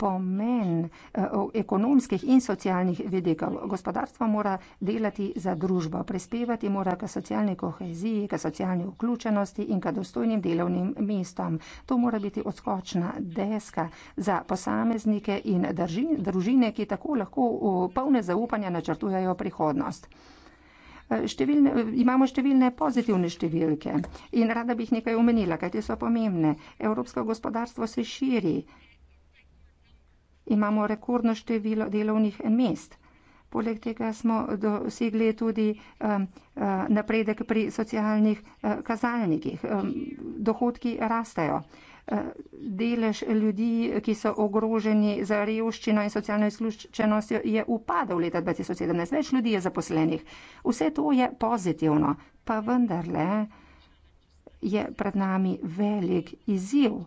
pomen eh, ekonomskih in socialnih vidikov. Gospodarstvo mora delati za družbo, prispevati mora k socialni koheziji, k socialni vključenosti in k dostojnim delovnim mestom. To mora biti odskočna deska za posameznike in družine, ki tako lahko polne zaupanja načrtujajo prihodnost. Eh, številne, imamo številne pozitivne številke in rada bi jih nekaj omenila, kaj te so pomembne. Evropsko gospodarstvo se širi, imamo rekordno število delovnih mest. Poleg tega smo dosegli tudi um, uh, napredek pri socialnih uh, kazalnikih. Um, dohodki rastejo. Uh, delež ljudi, ki so ogroženi za revščino in socialno izključenostjo, je upadal leta 2017. Več ljudi je zaposlenih. Vse to je pozitivno. Pa vendarle je pred nami velik izziv.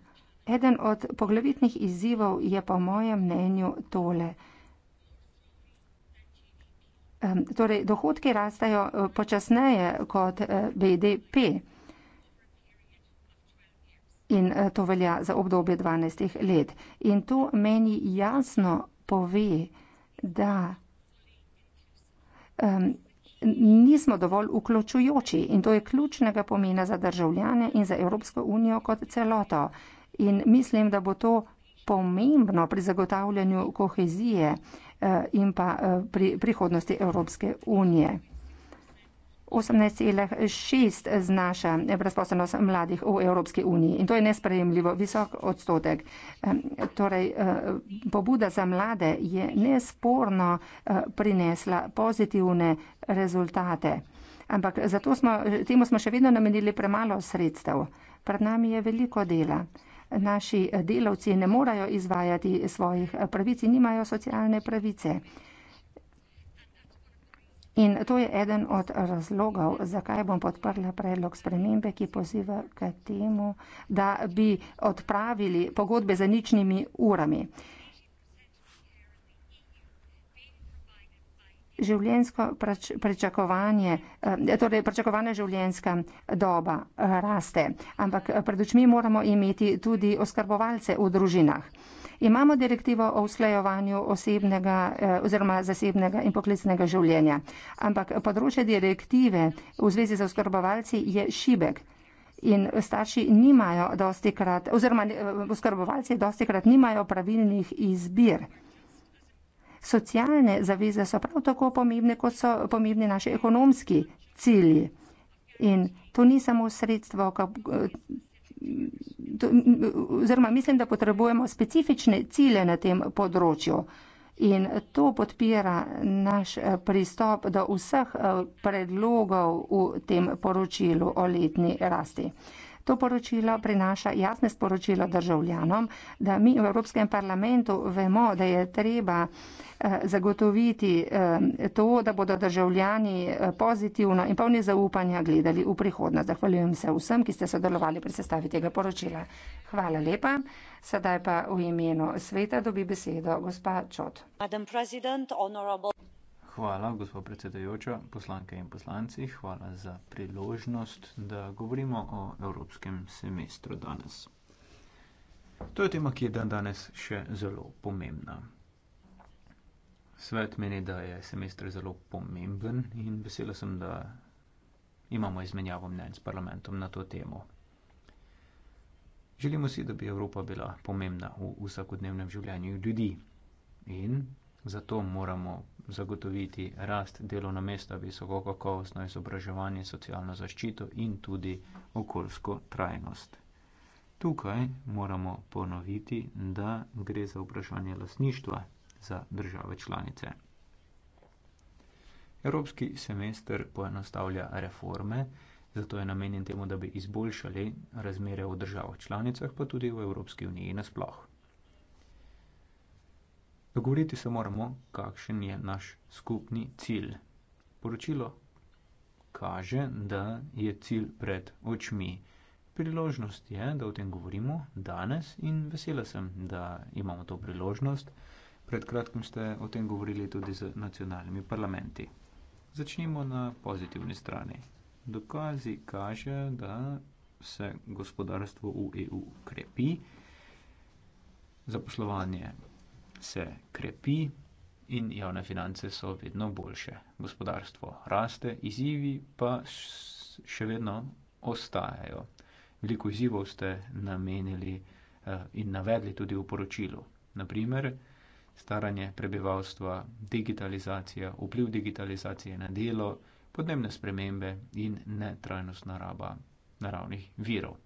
Eden od poglavitnih izzivov je po mojem mnenju tole. Torej, dohodki rastejo e, počasneje kot e, BDP in e, to velja za obdobje 12 let. In to meni jasno pove, da um, nismo dovolj vključujoči in to je ključnega pomena za državljane in za Evropsko unijo kot celoto in mislim, da bo to pomembno pri zagotavljanju kohezije eh, in pa eh, pri prihodnosti Evropske unije. 18,6 znaša brezposobnost mladih v Evropski uniji in to je nesprejemljivo visok odstotek. Torej, eh, pobuda za mlade je nesporno prinesla pozitivne rezultate. Ampak zato smo, temu smo še vedno namenili premalo sredstev. Pred nami je veliko dela naši delavci ne morajo izvajati svojih pravic in nimajo socialne pravice. In to je eden od razlogov, zakaj bom podprla predlog spremembe, ki poziva k temu, da bi odpravili pogodbe za ničnimi urami. življenjsko pričakovanje, eh, torej pričakovana življenjska doba eh, raste. Ampak eh, pred očmi moramo imeti tudi oskrbovalce v družinah. Imamo direktivo o usklajevanju osebnega oziroma zasebnega in poklicnega življenja, ampak področje direktive v zvezi z oskrbovalci je šibek in starši nimajo dosti krat, oziroma oskrbovalci dosti krat nimajo pravilnih izbir. Socialne zaveze so prav tako pomembne, kot so pomembni naši ekonomski cilji. In to ni samo sredstvo, oziroma mislim, da potrebujemo specifične cilje na tem področju. In to podpira naš eh, pristop do vseh eh, predlogov v tem poročilu o letni rasti. To poročilo prinaša jasne sporočilo državljanom, da mi v Evropskem parlamentu vemo, da je treba eh, zagotoviti eh, to, da bodo državljani eh, pozitivno in polni zaupanja gledali v prihodnost. Zahvaljujem se vsem, ki ste sodelovali pri sestavi tega poročila. Hvala lepa. Sedaj pa v imenu sveta dobi besedo gospa Čot. Hvala, gospod predsedajoča, poslanke in poslanci. Hvala za priložnost, da govorimo o evropskem semestru danes. To je tema, ki je dan danes še zelo pomembna. Svet meni, da je semester zelo pomemben in vesela sem, da imamo izmenjavo mnenj s parlamentom na to temo. Želimo si, da bi Evropa bila pomembna v vsakodnevnem življenju ljudi in Zato moramo zagotoviti rast delovna mesta, visoko kakovostno izobraževanje, socialno zaščito in tudi okoljsko trajnost. Tukaj moramo ponoviti, da gre za vprašanje lasništva za države članice. Evropski semester poenostavlja reforme, zato je namenjen temu, da bi izboljšali razmere v državah članicah, pa tudi v Evropski uniji nasplošno. Dogovoriti se moramo, kakšen je naš skupni cilj. Poročilo kaže, da je cilj pred očmi. Priložnost je, da o tem govorimo danes in vesela sem, da imamo to priložnost. Pred kratkim ste o tem govorili tudi z nacionalnimi parlamenti. Začnimo na pozitivni strani. Dokazi kaže, da se gospodarstvo v EU krepi, zaposlovanje se krepi in javne finance so vedno boljše. Gospodarstvo raste, izzivi pa še vedno ostajajo. Veliko izzivov ste namenili eh, in navedli tudi v poročilu. Naprimer, staranje prebivalstva, digitalizacija, vpliv digitalizacije na delo, podnebne spremembe in netrajnostna raba naravnih virov.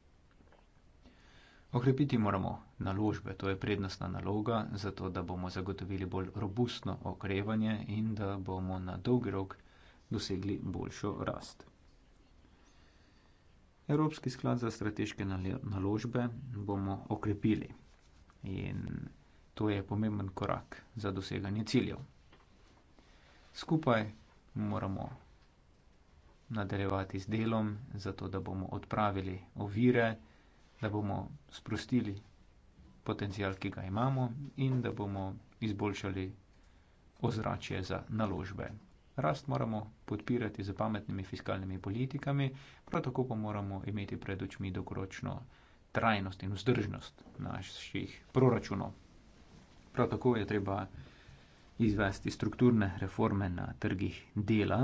Okrepiti moramo naložbe, to je prednostna naloga, zato da bomo zagotovili bolj robustno okrevanje in da bomo na dolgi rok dosegli boljšo rast. Evropski sklad za strateške naložbe bomo okrepili in to je pomemben korak za doseganje ciljev. Skupaj moramo nadaljevati z delom, zato da bomo odpravili ovire, da bomo sprostili potencial, ki ga imamo in da bomo izboljšali ozračje za naložbe. Rast moramo podpirati z pametnimi fiskalnimi politikami, prav tako pa moramo imeti pred očmi dolgoročno trajnost in vzdržnost naših proračunov. Prav tako je treba izvesti strukturne reforme na trgih dela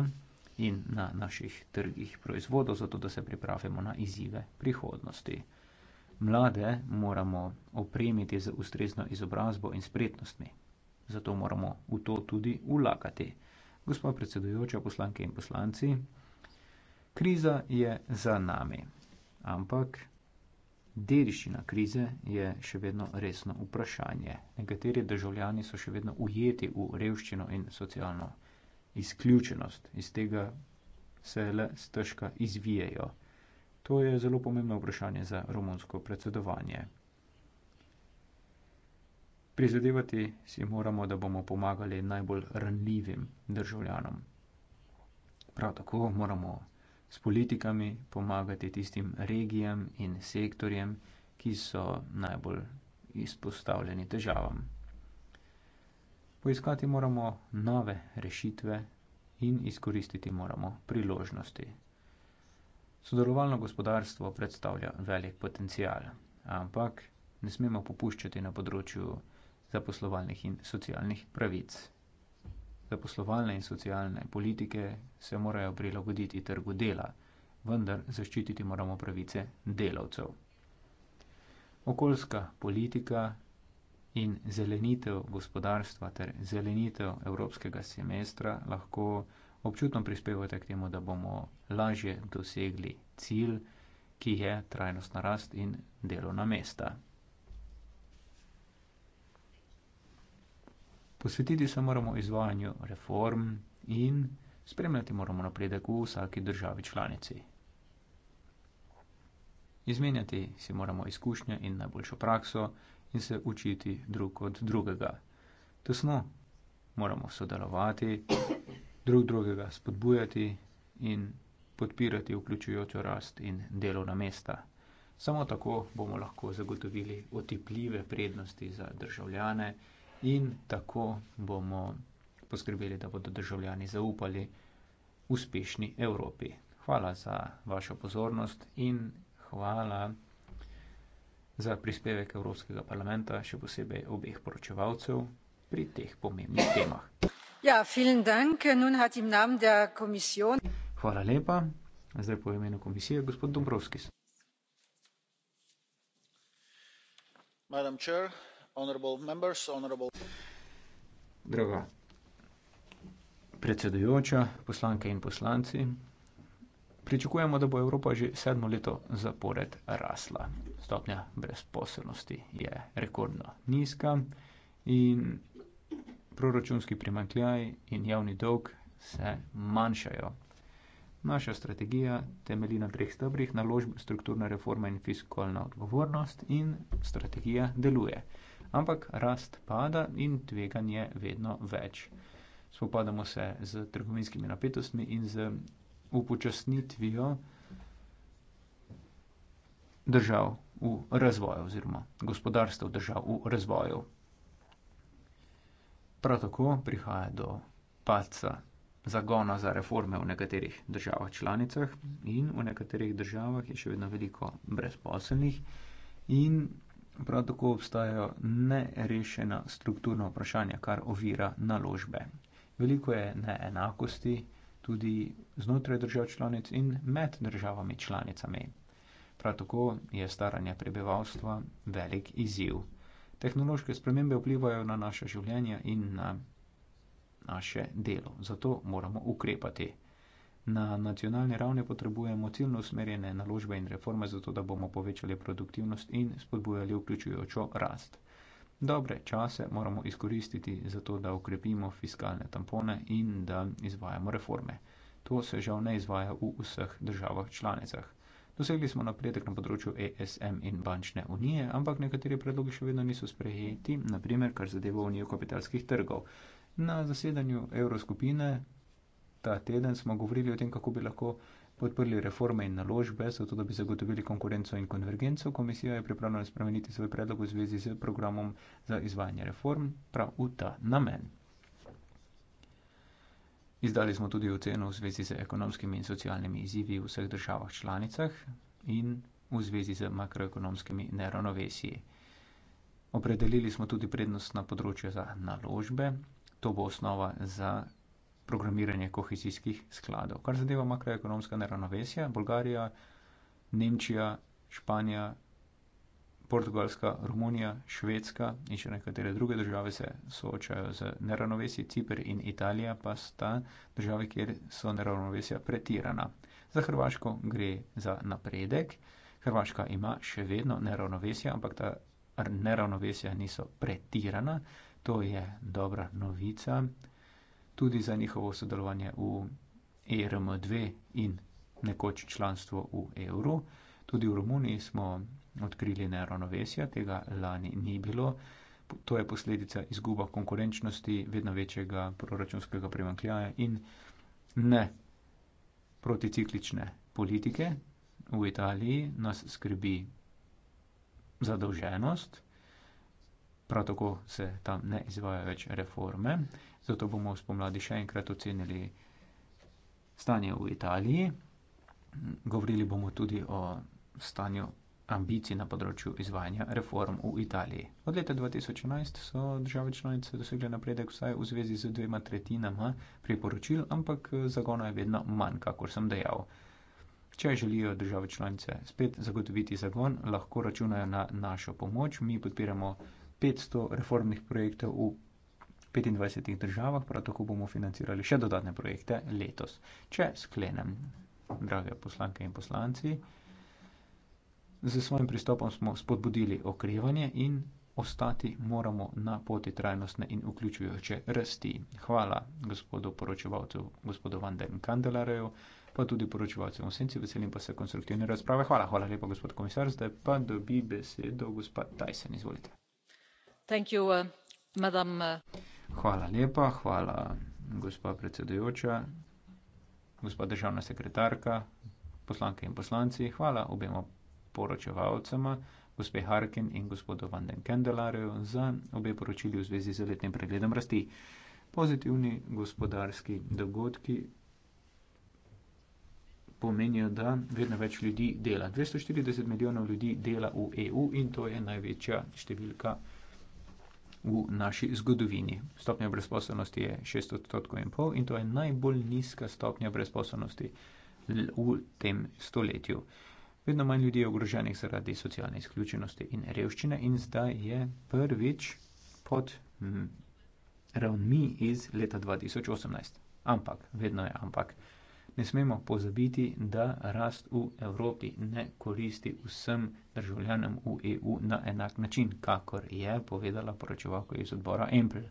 in na naših trgih proizvodov, zato da se pripravimo na izzive prihodnosti. Mlade moramo opremiti z ustrezno izobrazbo in spretnostmi. Zato moramo v to tudi ulagati. Gospa predsedujoča, poslanke in poslanci, kriza je za nami, ampak dediščina krize je še vedno resno vprašanje. Nekateri državljani so še vedno ujeti v revščino in socialno izključenost. Iz tega se le stržka izvijajo. To je zelo pomembno vprašanje za romunsko predsedovanje. Prizadevati si moramo, da bomo pomagali najbolj ranljivim državljanom. Prav tako moramo s politikami pomagati tistim regijam in sektorjem, ki so najbolj izpostavljeni težavam. Poiskati moramo nove rešitve in izkoristiti moramo priložnosti. Sodelovalno gospodarstvo predstavlja velik potencial, ampak ne smemo popuščati na področju zaposlovalnih in socialnih pravic. Zaposlovalne in socialne politike se morajo prilagoditi trgu dela, vendar zaščititi moramo pravice delavcev. Okoljska politika in zelenitev gospodarstva ter zelenitev evropskega semestra lahko občutno prispevate k temu, da bomo lažje dosegli cilj, ki je trajnostna rast in delovna mesta. Posvetiti se moramo izvajanju reform in spremljati moramo napredek v vsaki državi članici. Izmenjati si moramo izkušnje in najboljšo prakso in se učiti drug od drugega. Tesno moramo sodelovati drug drugega spodbujati in podpirati vključujočo rast in delovna mesta. Samo tako bomo lahko zagotovili otipljive prednosti za državljane in tako bomo poskrbeli, da bodo državljani zaupali uspešni Evropi. Hvala za vašo pozornost in hvala za prispevek Evropskega parlamenta, še posebej obeh poročevalcev pri teh pomembnih temah. Ja, Hvala lepa. Zdaj pa v imenu komisije gospod Dombrovskis. Draga predsedujoča, poslanke in poslanci. Pričakujemo, da bo Evropa že sedmo leto zapored rasla. Stopnja brezposelnosti je rekordno nizka in proračunski primankljaj in javni dolg se manjšajo. Naša strategija temelji na treh stebrih: naložb, strukturna reforma in fiskalna odgovornost, in strategija deluje. Ampak rast pada in tveganje vedno več. Spopadamo se z trgovinskimi napetostmi in z upočasnitvijo držav v razvoju oziroma gospodarstva držav v razvoju. Prav tako prihaja do padca zagona za reforme v nekaterih državah članicah in v nekaterih državah je še vedno veliko brezposelnih in prav tako obstajajo nerešena strukturna vprašanja, kar ovira naložbe. Veliko je neenakosti tudi znotraj držav članic in med državami članicami. Prav tako je staranje prebivalstva velik izziv. Tehnološke spremembe vplivajo na naše življenje in na naše delo, zato moramo ukrepati. Na nacionalni ravni potrebujemo ciljno usmerjene naložbe in reforme, zato da bomo povečali produktivnost in spodbujali vključujočo rast. Dobre čase moramo izkoristiti za to, da ukrepimo fiskalne tampone in da izvajamo reforme. To se žal ne izvaja v vseh državah članicah. Dosegli smo napredek na področju ESM in bančne unije, ampak nekateri predlogi še vedno niso sprejeti, naprimer, kar zadeva unijo kapitalskih trgov. Na zasedanju Evroskupine ta teden smo govorili o tem, kako bi lahko podprli reforme in naložbe, zato da bi zagotovili konkurenco in konvergenco. Komisija je pripravljena spremeniti svoj predlog v zvezi z programom za izvajanje reform prav v ta namen. Izdali smo tudi oceno v zvezi z ekonomskimi in socialnimi izzivi v vseh državah članicah in v zvezi z makroekonomskimi neravnovesiji. Opredelili smo tudi prednostna področja za naložbe, to bo osnova za programiranje kohezijskih skladov. Kar zadeva makroekonomska neravnovesja, Bolgarija, Nemčija, Španija, Portugalska, Romunija, Švedska in še nekatere druge države se soočajo z neravnovesji, Cipr in Italija pa sta države, kjer so neravnovesja pretirana. Za Hrvaško gre za napredek. Hrvaška ima še vedno neravnovesja, ampak ta neravnovesja niso pretirana. To je dobra novica tudi za njihovo sodelovanje v ERM2 in nekoč članstvo v evru. Tudi v Romuniji smo odkrili neravnovesja, tega lani ni bilo. To je posledica izguba konkurenčnosti, vedno večjega proračunskega primankljaja in ne proticiklične politike. V Italiji nas skrbi zadolženost, prav tako se tam ne izvajajo več reforme, zato bomo spomladi še enkrat ocenili stanje v Italiji. Govorili bomo tudi o stanju ambicij na področju izvajanja reform v Italiji. Od leta 2011 so države članice dosegle napredek vsaj v zvezi z dvema tretjinama priporočil, ampak eh, zagona je vedno manj, kakor sem dejal. Če želijo države članice spet zagotoviti zagon, lahko računajo na našo pomoč. Mi podpiramo 500 reformnih projektov v 25 državah, prav tako bomo financirali še dodatne projekte letos. Če sklenem, drage poslanke in poslanci, Z svojim pristopom smo spodbudili okrevanje in ostati moramo na poti trajnostne in vključujoče rasti. Hvala gospodu poročevalcu, gospodu Van den Kandelareju, pa tudi poročevalcu v senci, veselim pa se konstruktivne razprave. Hvala, hvala lepa, gospod komisar. Zdaj pa dobi besedo gospa Tyson, izvolite. Thank you, uh, madam, uh... Hvala lepa, hvala gospa predsedujoča, gospa državna sekretarka, poslanke in poslanci. Hvala obema poročevalcema, gospe Harkin in gospodu Vanden Kendelarju, za obe poročili v zvezi z letnim pregledom rasti. Pozitivni gospodarski dogodki pomenijo, da vedno več ljudi dela. 240 milijonov ljudi dela v EU in to je največja številka v naši zgodovini. Stopnja brezposobnosti je 6 odstotkov in pol in to je najbolj nizka stopnja brezposobnosti v tem stoletju. Vedno manj ljudi je ogroženih zaradi socialne izključenosti in revščine in zdaj je prvič pod hm, ravnmi iz leta 2018. Ampak, vedno je ampak, ne smemo pozabiti, da rast v Evropi ne koristi vsem državljanom v EU na enak način, kakor je povedala poročevalka iz odbora Empel.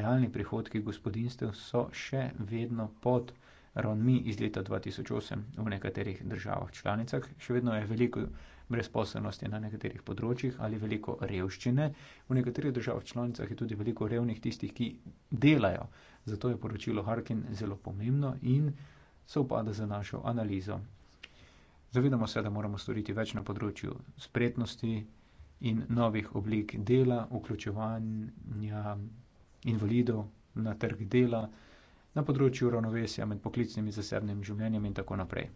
Realni prihodki gospodinstev so še vedno pod ravnmi ravni iz leta 2008 v nekaterih državah članicah. Še vedno je veliko brezposobnosti na nekaterih področjih ali veliko revščine. V nekaterih državah članicah je tudi veliko revnih tistih, ki delajo. Zato je poročilo Harkin zelo pomembno in se upada za našo analizo. Zavedamo se, da moramo storiti več na področju spretnosti in novih oblik dela, vključevanja invalidov na trg dela na področju ravnovesja med poklicnim in zasebnim življenjem in tako naprej.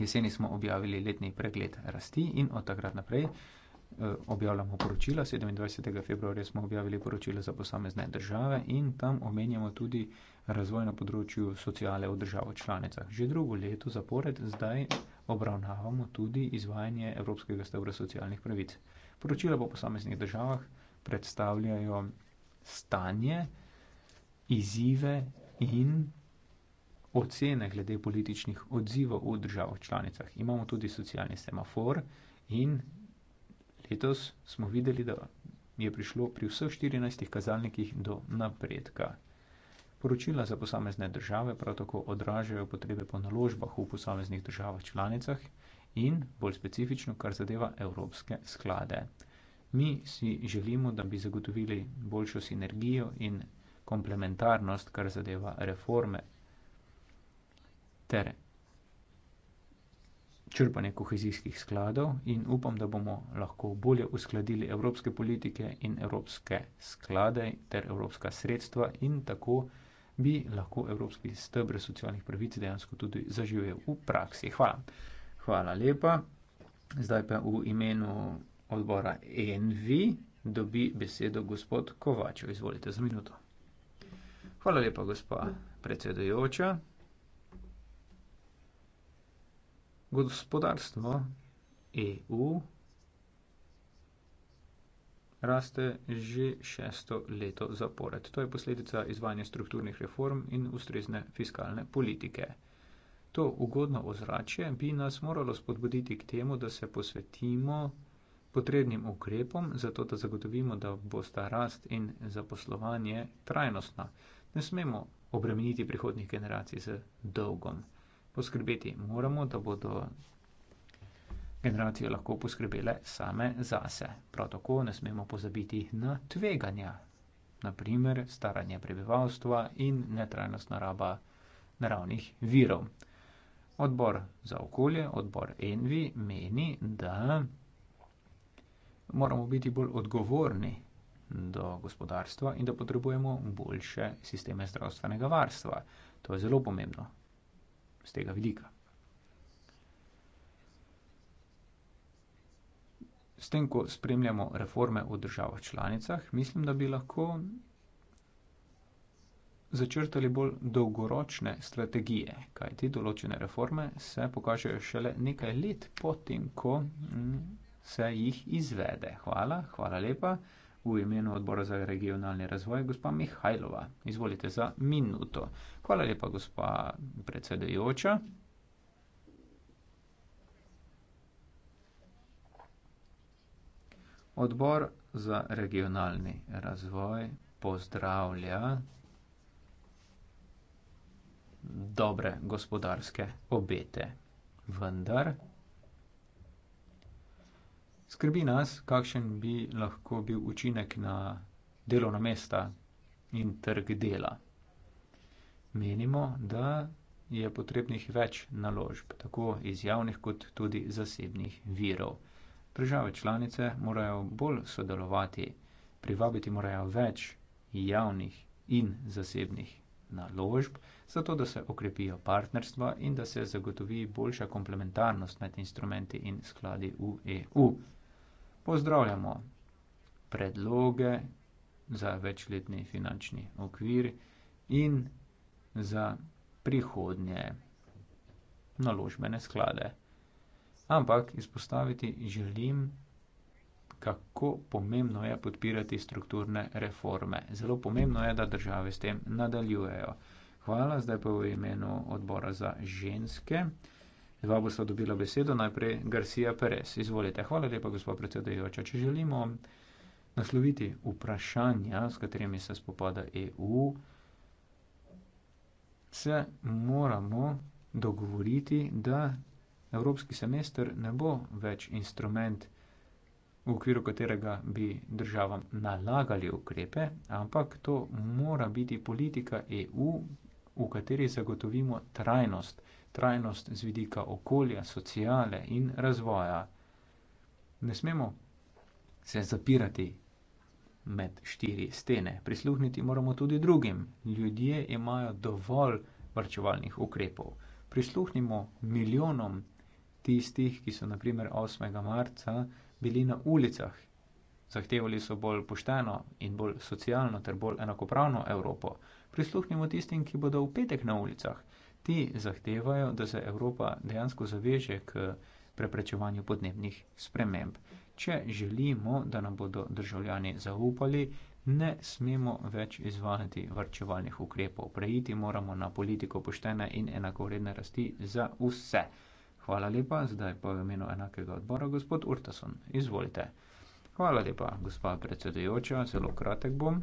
Jeseni smo objavili letni pregled rasti in od takrat naprej eh, objavljamo poročila. 27. februarja smo objavili poročila za posamezne države in tam omenjamo tudi razvoj na področju sociale v državo članicah. Že drugo leto zapored zdaj obravnavamo tudi izvajanje Evropskega stavra socialnih pravic. Poročila po posameznih državah predstavljajo stanje, izzive, in ocene glede političnih odzivov v državah članicah. Imamo tudi socialni semafor in letos smo videli, da je prišlo pri vseh 14 kazalnikih do napredka. Poročila za posamezne države prav tako odražajo potrebe po naložbah v posameznih državah članicah in bolj specifično, kar zadeva evropske sklade. Mi si želimo, da bi zagotovili boljšo sinergijo in komplementarnost, kar zadeva reforme ter črpanje kohezijskih skladov in upam, da bomo lahko bolje uskladili evropske politike in evropske sklade ter evropska sredstva in tako bi lahko evropski stebr socialnih pravic dejansko tudi zaživel v praksi. Hvala. Hvala lepa. Zdaj pa v imenu odbora ENVI dobi besedo gospod Kovačev. Izvolite za minuto. Hvala lepa, gospa ja. predsedujoča. Gospodarstvo EU raste že šesto leto zapored. To je posledica izvajanja strukturnih reform in ustrezne fiskalne politike. To ugodno ozračje bi nas moralo spodbuditi k temu, da se posvetimo potrebnim ukrepom, zato da zagotovimo, da bosta rast in zaposlovanje trajnostna. Ne smemo obremeniti prihodnih generacij z dolgom. Poskrbeti moramo, da bodo generacije lahko poskrbele same zase. Prav tako ne smemo pozabiti na tveganja, naprimer staranje prebivalstva in netrajnost naraba naravnih virov. Odbor za okolje, odbor Envi meni, da moramo biti bolj odgovorni do gospodarstva in da potrebujemo boljše sisteme zdravstvenega varstva. To je zelo pomembno z tega vidika. S tem, ko spremljamo reforme v državah članicah, mislim, da bi lahko začrtali bolj dolgoročne strategije, kajti določene reforme se pokažejo šele nekaj let potem, ko mm, se jih izvede. Hvala, hvala lepa v imenu odbora za regionalni razvoj, gospa Mihajlova. Izvolite za minuto. Hvala lepa, gospa predsedajoča. Odbor za regionalni razvoj pozdravlja dobre gospodarske obete. Vendar. Skrbi nas, kakšen bi lahko bil učinek na delovna mesta in trg dela. Menimo, da je potrebnih več naložb, tako iz javnih kot tudi zasebnih virov. Države članice morajo bolj sodelovati, privabiti morajo več javnih in zasebnih naložb, zato da se okrepijo partnerstva in da se zagotovi boljša komplementarnost med instrumenti in skladi v EU. Pozdravljamo predloge za večletni finančni okvir in za prihodnje naložbene sklade. Ampak izpostaviti želim, kako pomembno je podpirati strukturne reforme. Zelo pomembno je, da države s tem nadaljujejo. Hvala zdaj pa v imenu odbora za ženske. Dva bosta dobila besedo, najprej Garcia Perez. Izvolite, hvala lepa, gospod predsedajoča. Če želimo nasloviti vprašanja, s katerimi se spopada EU, se moramo dogovoriti, da evropski semester ne bo več instrument, v okviru katerega bi državam nalagali ukrepe, ampak to mora biti politika EU, v kateri zagotovimo trajnost trajnost z vidika okolja, sociale in razvoja. Ne smemo se zapirati med štiri stene, prisluhniti moramo tudi drugim. Ljudje imajo dovolj vrčevalnih ukrepov. Prisluhnimo milijonom tistih, ki so naprimer 8. marca bili na ulicah. Zahtevali so bolj pošteno in bolj socialno ter bolj enakopravno Evropo. Prisluhnimo tistim, ki bodo v petek na ulicah. Ti zahtevajo, da se Evropa dejansko zaveže k preprečevanju podnebnih sprememb. Če želimo, da nam bodo državljani zaupali, ne smemo več izvajati varčevalnih ukrepov. Prejiti moramo na politiko poštene in enakovredne rasti za vse. Hvala lepa, zdaj pa v imenu enakega odbora, gospod Urtason. Izvolite. Hvala lepa, gospa predsedujoča, zelo kratek bom.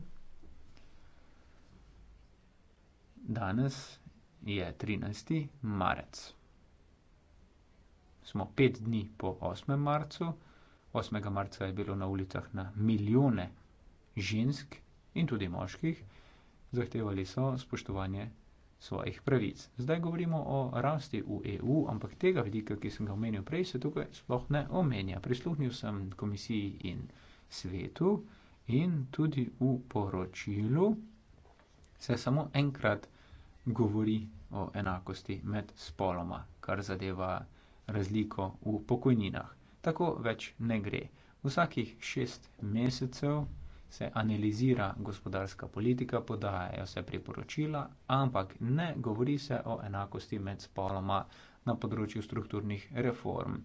Danes je 13. marec. Smo pet dni po 8. marcu. 8. marca je bilo na ulicah na milijone žensk in tudi moških, zahtevali so spoštovanje svojih pravic. Zdaj govorimo o rasti v EU, ampak tega vidika, ki sem ga omenil prej, se tukaj sploh ne omenja. Prisluhnil sem komisiji in svetu in tudi v poročilu se samo enkrat govori o enakosti med spoloma, kar zadeva razliko v pokojninah. Tako več ne gre. Vsakih šest mesecev se analizira gospodarska politika, podajajo se priporočila, ampak ne govori se o enakosti med spoloma na področju strukturnih reform.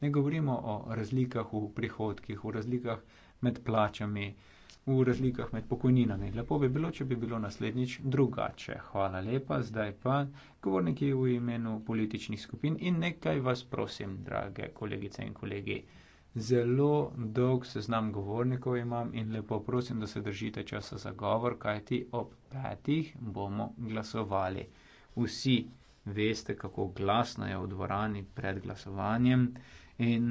Ne govorimo o razlikah v prihodkih, o razlikah med plačami, v razlikah med pokojninami. Lepo bi bilo, če bi bilo naslednjič drugače. Hvala lepa, zdaj pa govorniki v imenu političnih skupin in nekaj vas prosim, drage kolegice in kolegi. Zelo dolg seznam govornikov imam in lepo prosim, da se držite časa za govor, kajti ob petih bomo glasovali. Vsi veste, kako glasno je v dvorani pred glasovanjem in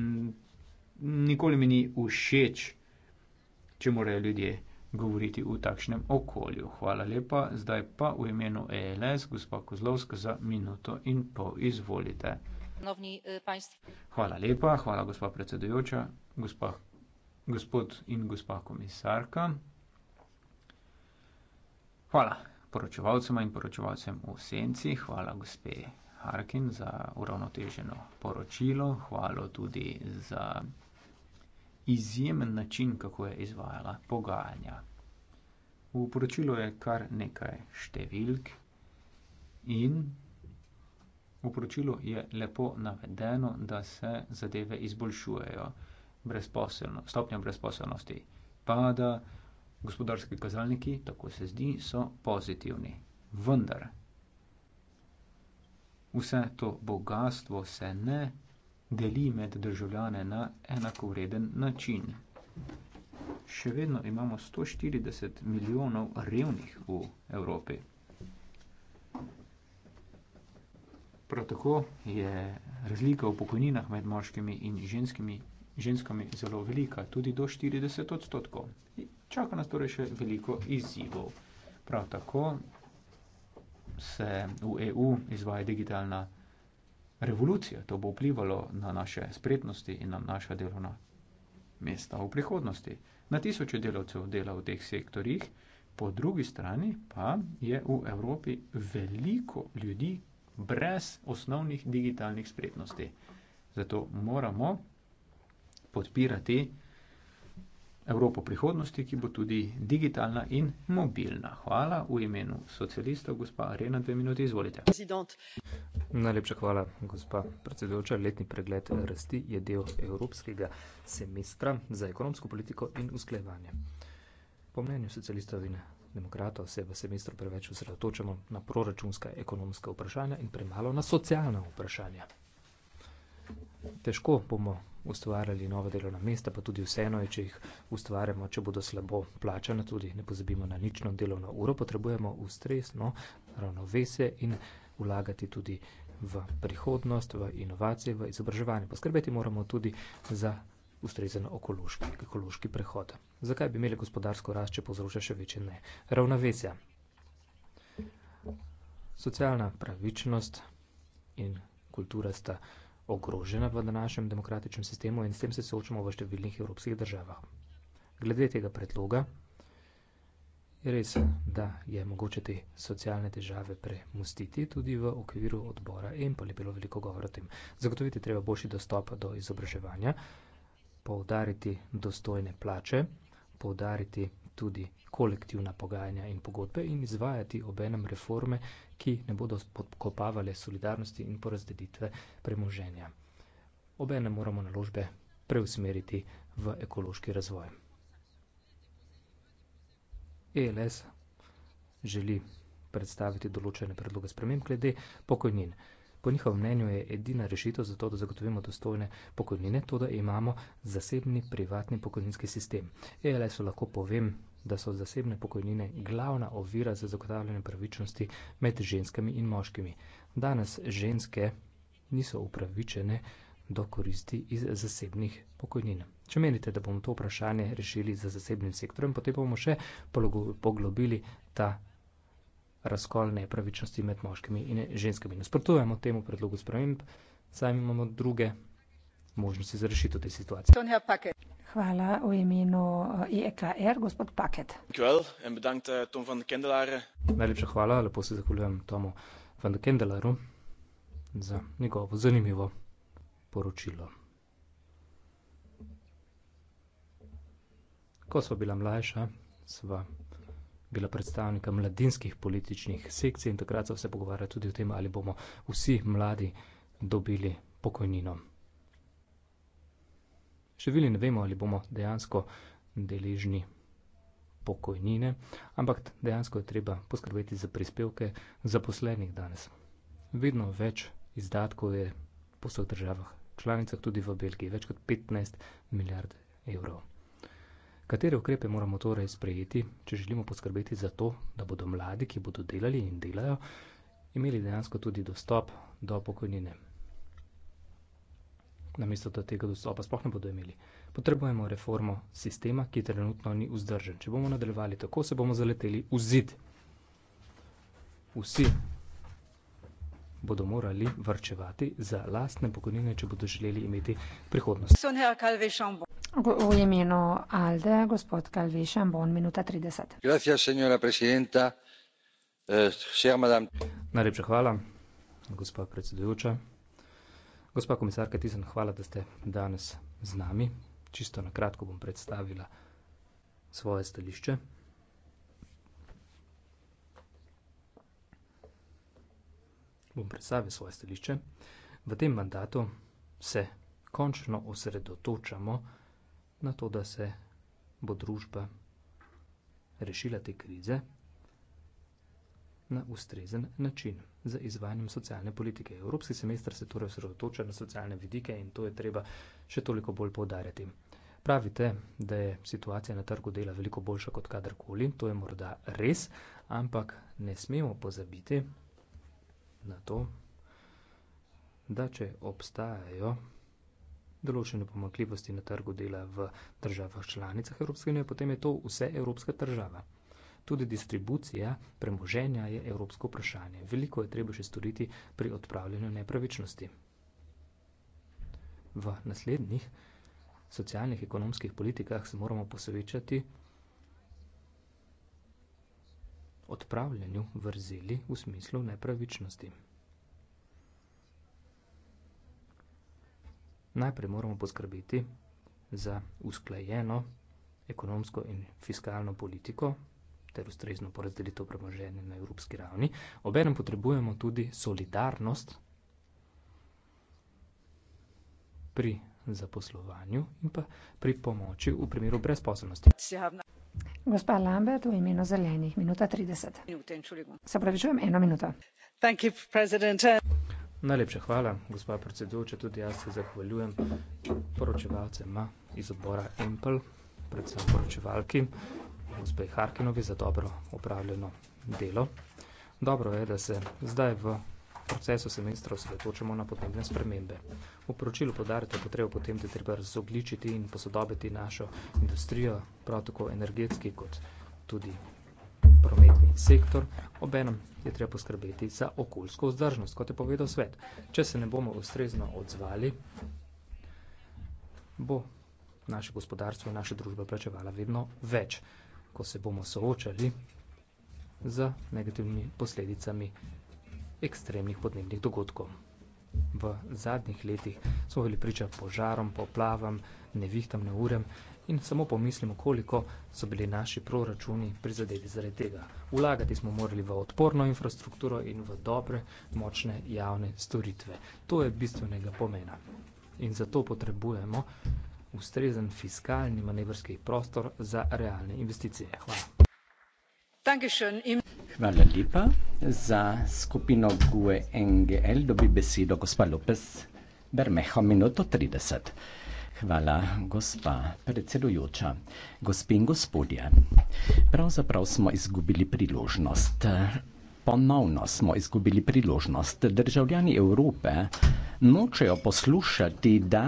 nikoli mi ni všeč če morajo ljudje govoriti v takšnem okolju. Hvala lepa, zdaj pa v imenu ELS, gospa Kozlovska, za minuto in pol izvolite. Eh, hvala lepa, hvala gospa predsedujoča, gospa, gospod in gospa komisarka. Hvala poročevalcema in poročevalcem v senci, hvala gospe Harkin za uravnoteženo poročilo, hvala tudi za izjemen način, kako je izvajala pogajanja. V poročilu je kar nekaj številk in v poročilu je lepo navedeno, da se zadeve izboljšujejo. Brezposelno, stopnja brezposelnosti pada, gospodarski kazalniki, tako se zdi, so pozitivni. Vendar vse to bogatstvo se ne deli med državljane na enakovreden način. Še vedno imamo 140 milijonov revnih v Evropi. Prav tako je razlika v pokojninah med moškimi in ženskimi, ženskami zelo velika, tudi do 40 odstotkov. Čaka nas torej še veliko izzivov. Prav tako se v EU izvaja digitalna revolucije. To bo vplivalo na naše spretnosti in na naša delovna mesta v prihodnosti. Na tisoče delavcev dela v teh sektorjih, po drugi strani pa je v Evropi veliko ljudi brez osnovnih digitalnih spretnosti. Zato moramo podpirati. Evropo prihodnosti, ki bo tudi digitalna in mobilna. Hvala v imenu socialistov, gospa Arena, dve minuti, izvolite. President. Najlepša hvala, gospa predsedujoča. Letni pregled rasti je del Evropskega semestra za ekonomsko politiko in usklejevanje. Po mnenju socialistov in demokratov se v semestru preveč osredotočamo na proračunska ekonomska vprašanja in premalo na socialna vprašanja težko bomo ustvarjali nove delovna mesta, pa tudi vseeno je, če jih ustvarjamo, če bodo slabo plačane, tudi ne pozabimo na nično delovno uro, potrebujemo ustresno ravnovesje in vlagati tudi v prihodnost, v inovacije, v izobraževanje. Poskrbeti moramo tudi za ustrezen okološki, ekološki prehod. Zakaj bi imeli gospodarsko rast, če povzroča še večje ne? Ravnovesja. Socialna pravičnost in kultura sta ogrožena v današnjem demokratičnem sistemu in s tem se soočamo v številnih evropskih državah. Glede tega predloga je res, da je mogoče te socialne težave premustiti tudi v okviru odbora EMPOL je bilo veliko govora o tem. Zagotoviti treba boljši dostop do izobraževanja, poudariti dostojne plače, poudariti tudi kolektivna pogajanja in pogodbe in izvajati obenem reforme, ki ne bodo podkopavale solidarnosti in porazdelitve premoženja. Obenem moramo naložbe preusmeriti v ekološki razvoj. ELS želi predstaviti določene predloge sprememb glede pokojnin. Po njihovem mnenju je edina rešitev za to, da zagotovimo dostojne pokojnine, to, da imamo zasebni privatni pokojninski sistem. ELS lahko povem, da so zasebne pokojnine glavna ovira za zagotavljanje pravičnosti med ženskami in moškimi. Danes ženske niso upravičene do koristi iz zasebnih pokojnin. Če menite, da bomo to vprašanje rešili za zasebnim sektorem, potem bomo še poglobili ta razkol nepravičnosti med moškimi in ženskami. Nasprotujemo temu predlogu sprememb, saj imamo druge možnosti za rešitev te situacije. Hvala v imenu IEKR, eh, e gospod Paket. Eh, Najlepša hvala, lepo se zahvaljujem Tomu van de Kendelaru za njegovo zanimivo poročilo. Ko sva bila mlajša, sva bila predstavnika mladinskih političnih sekcij in takrat sva se pogovarjala tudi o tem, ali bomo vsi mladi dobili pokojnino. Številni ne vemo, ali bomo dejansko deležni pokojnine, ampak dejansko je treba poskrbeti za prispevke zaposlenih danes. Vedno več izdatkov je po vseh državah, članicah tudi v Belgiji, več kot 15 milijard evrov. Katere ukrepe moramo torej sprejeti, če želimo poskrbeti za to, da bodo mladi, ki bodo delali in delajo, imeli dejansko tudi dostop do pokojnine? namesto da tega dostopa sploh ne bodo imeli. Potrebujemo reformo sistema, ki trenutno ni vzdržen. Če bomo nadaljevali tako, se bomo zaleteli v zid. Vsi bodo morali vrčevati za lastne pokojnine, če bodo želeli imeti prihodnost. V imenu Alde, gospod Kalvi Šambon, minuta 30. Gracias, senjora presidenta. Eh, Najlepša hvala, gospod predsedujoča. Gospa komisarka Tizen, hvala, da ste danes z nami. Čisto na kratko bom predstavila svoje stališče. Bom predstavil svoje stališče. V tem mandatu se končno osredotočamo na to, da se bo družba rešila te krize na ustrezen način z izvajanjem socialne politike. Evropski semester se torej osredotoča na socialne vidike in to je treba še toliko bolj povdarjati. Pravite, da je situacija na trgu dela veliko boljša kot kadarkoli, to je morda res, ampak ne smemo pozabiti na to, da če obstajajo določene pomakljivosti na trgu dela v državah članicah Evropske unije, potem je to vse Evropska država. Tudi distribucija premoženja je evropsko vprašanje. Veliko je treba še storiti pri odpravljanju nepravičnosti. V naslednjih socialnih ekonomskih politikah se moramo posvečati odpravljanju vrzeli v smislu nepravičnosti. Najprej moramo poskrbeti za usklajeno ekonomsko in fiskalno politiko, ter ustrezno porazdelitev premoženja na evropski ravni. Obenem potrebujemo tudi solidarnost pri zaposlovanju in pa pri pomoči v primeru brezposobnosti. Gospa Lambert, v imenu zelenih, minuta 30. Se pravi, čujem, eno minuto. Najlepša hvala, gospa predsedujoča, tudi jaz se zahvaljujem poročevalcema iz odbora Empel, predvsem poročevalki gospe Harkinovi za dobro upravljeno delo. Dobro je, da se zdaj v procesu semestra osredotočamo na podnebne spremembe. V poročilu podarite potrebo potem, da treba razogličiti in posodobiti našo industrijo, prav tako energetski kot tudi prometni sektor. Obenem je treba poskrbeti za okoljsko vzdržnost, kot je povedal svet. Če se ne bomo ustrezno odzvali, bo naše gospodarstvo in naša družba plačevala vedno več ko se bomo soočali z negativnimi posledicami ekstremnih podnebnih dogodkov. V zadnjih letih smo bili priča požarom, poplavam, nevihtam, neurem in samo pomislimo, koliko so bili naši proračuni prizadeti zaradi tega. Vlagati smo morali v odporno infrastrukturo in v dobre, močne javne storitve. To je bistvenega pomena. In zato potrebujemo ustrezen fiskalni manevrski prostor za realne investicije. Hvala. Hvala lepa. Za skupino GUE NGL dobi besedo gospa Lopez Bermeho, minuto 30. Hvala, gospa predsedujoča. Gospe in gospodje, pravzaprav smo izgubili priložnost ponovno smo izgubili priložnost. Državljani Evrope nočejo poslušati, da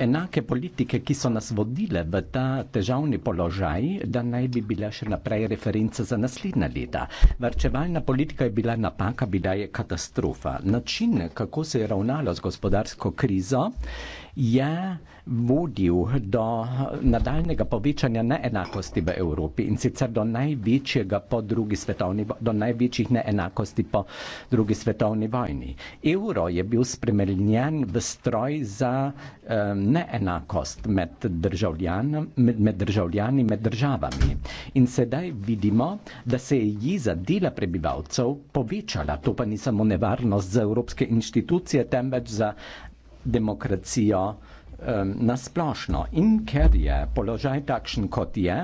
enake politike, ki so nas vodile v ta težavni položaj, da naj bi bila še naprej referenca za naslednja leta. Varčevalna politika je bila napaka, bila je katastrofa. Način, kako se je ravnalo z gospodarsko krizo, je vodil do nadaljnega povečanja neenakosti v Evropi in sicer do največjega po drugi svetovni, do največjih neenakosti po drugi svetovni vojni. Euro je bil spremenjen v stroj za um, neenakost med, državljan, med, med državljani, med državami. In sedaj vidimo, da se je ji za dela prebivalcev povečala. To pa ni samo nevarnost za evropske inštitucije, temveč za demokracijo um, nasplošno. In ker je položaj takšen, kot je,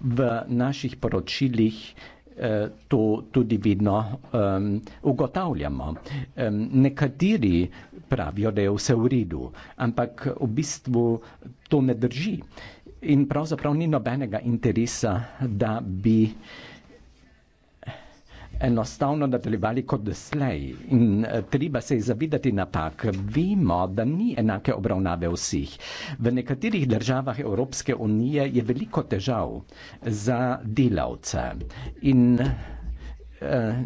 v naših poročilih eh, to tudi vidno um, ugotavljamo. Um, nekateri pravijo, da je vse v redu, ampak v bistvu to ne drži. In pravzaprav ni nobenega interesa, da bi eh, enostavno nadaljevali kot doslej. In eh, treba se je zavedati napak. Vemo, da ni enake obravnave vseh. V nekaterih državah Evropske unije je veliko težav za delavce. In eh,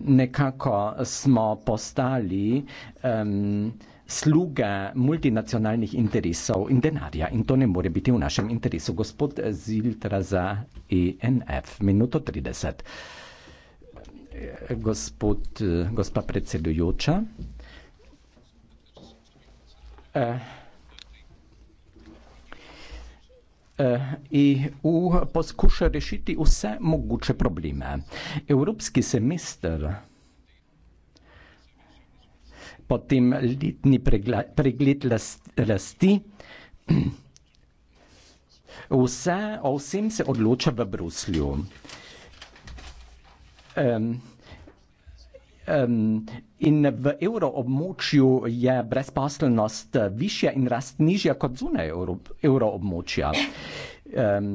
nekako smo postali um, sluge multinacionalnih interesov in denarja. In to ne more biti v našem interesu. Gospod Ziltra za ENF, minuto 30 gospod, eh, gospa predsedujoča. i eh, eh, e u poskuša rešiti vse moguće probleme. Evropski semester, potem letni pregled rasti, vse, o vsem se odloča v Bruslju. Um, um, in v evroobmočju je brezposelnost eh, višja in rast nižja kot zunaj evroobmočja. Euro Um,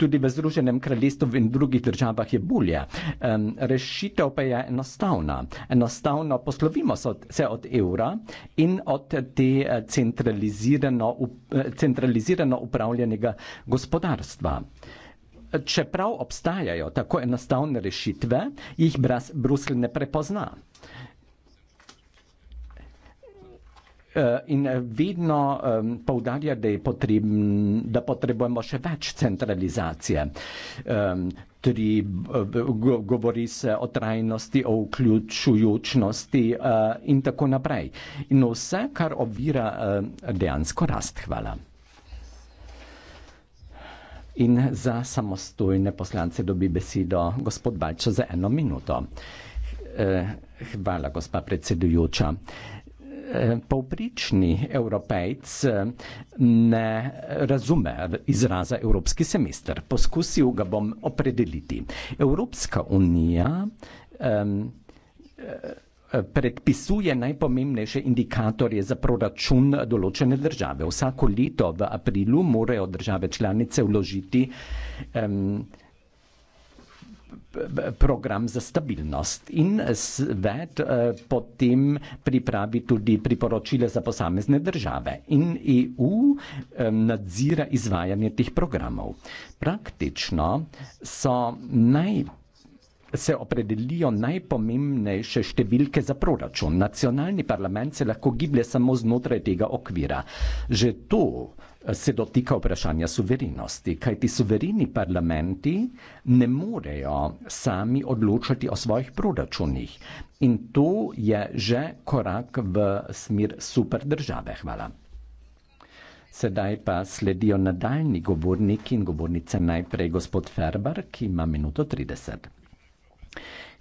tudi v Združenem kraljestvu in drugih državah je bolje. Um, rešitev pa je enostavna. Enostavno poslovimo se od, se od evra in od te eh, centralizirano, eh, centralizirano upravljenega gospodarstva. Uh, čeprav obstajajo tako enostavne rešitve, jih brez Bruslj ne prepozna. E, in vedno povdarja, da, da potrebujemo še več centralizacije. Tri, govori se o trajnosti, o vključujočnosti e, in tako naprej. In vse, kar obvira e, dejansko rast. Hvala in za samostojne poslance dobi besedo gospod Balčo za eno minuto. Eh, hvala, gospa predsedujoča. Eh, Povprični evropejc eh, ne razume izraza evropski semester. Poskusil ga bom opredeliti. Evropska unija um, predpisuje najpomembnejše indikatorje za proračun določene države. Vsako leto v aprilu morajo države članice vložiti um, program za stabilnost in svet eh, potem pripravi tudi priporočile za posamezne države in EU eh, nadzira izvajanje teh programov. Praktično so najprej se opredelijo najpomembnejše številke za proračun. Nacionalni parlament se lahko giblje samo znotraj tega okvira. Že to eh, se dotika vprašanja suverenosti, kaj ti suvereni parlamenti ne morejo sami odločati o svojih proračunih. In to je že korak v smer super države. Hvala. Sedaj pa sledijo nadaljni govorniki in govornice najprej gospod Ferber, ki ima minuto 30.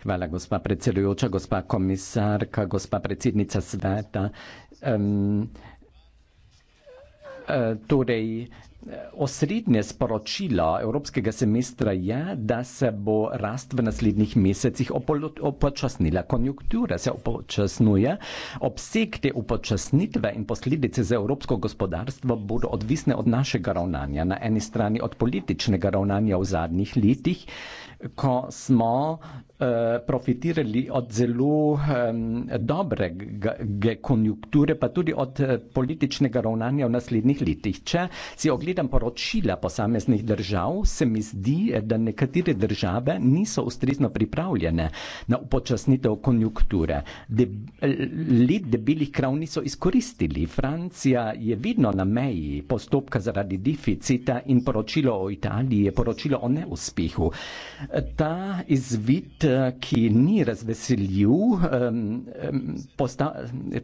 Hvala, gospa predsedujoča, gospa komisarka, gospa predsednica sveta. Um, uh, torej, Osrednje sporočilo evropskega semestra je, da se bo rast v naslednjih mesecih upočasnila. Konjunktura se upočasnuje, obseg te upočasnitve in posledice za evropsko gospodarstvo bodo odvisne od našega ravnanja. Na eni strani od političnega ravnanja v zadnjih letih, ko smo eh, profitirali od zelo um, dobre konjunkture, pa tudi od eh, političnega ravnanja v naslednjih letih. Če si ogledamo, gledam poročila posameznih držav, se mi zdi, da nekatere države niso ustrezno pripravljene na upočasnitev konjunkture. De, let debelih krav niso izkoristili. Francija je vedno na meji postopka zaradi deficita in poročilo o Italiji je poročilo o neuspehu. Ta izvid, ki ni razveseljiv, um, posta,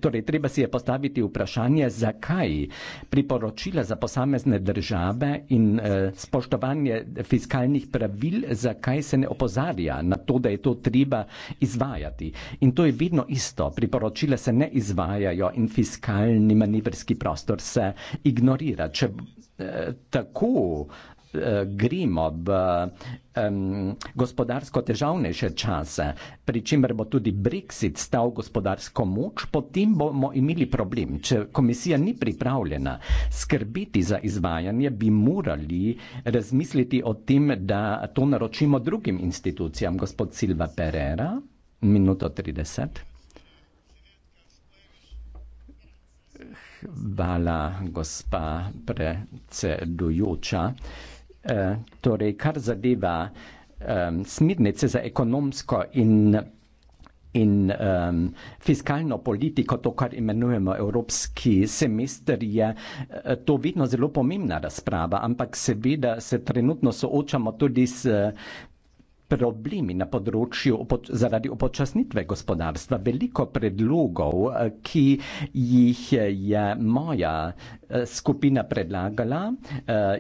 torej treba si je postaviti vprašanje, zakaj priporočila za posamezne države države in eh, spoštovanje fiskalnih pravil, zakaj se ne opozarja na to, da je to treba izvajati. In to je vedno isto, priporočila se ne izvajajo in fiskalni manevrski prostor se ignorira. Če eh, tako eh, Eh, grimob. Gospodarsko težavnejše čase, pri čimer bo tudi Brexit stal gospodarsko moč, potem bomo imeli problem. Če komisija ni pripravljena skrbeti za izvajanje, bi morali razmisliti o tem, da to naročimo drugim institucijam. Gospod Silva Pereira, minuto 30. Hvala, gospa predsedujoča. Eh, torej, kar zadeva um, smernice za ekonomsko in, in um, fiskalno politiko, to, kar imenujemo Evropski semester, je eh, to vedno zelo pomembna razprava, ampak seveda se trenutno soočamo tudi s problemi na področju zaradi upočasnitve gospodarstva, veliko predlogov, eh, ki jih eh, je moja eh, skupina predlagala,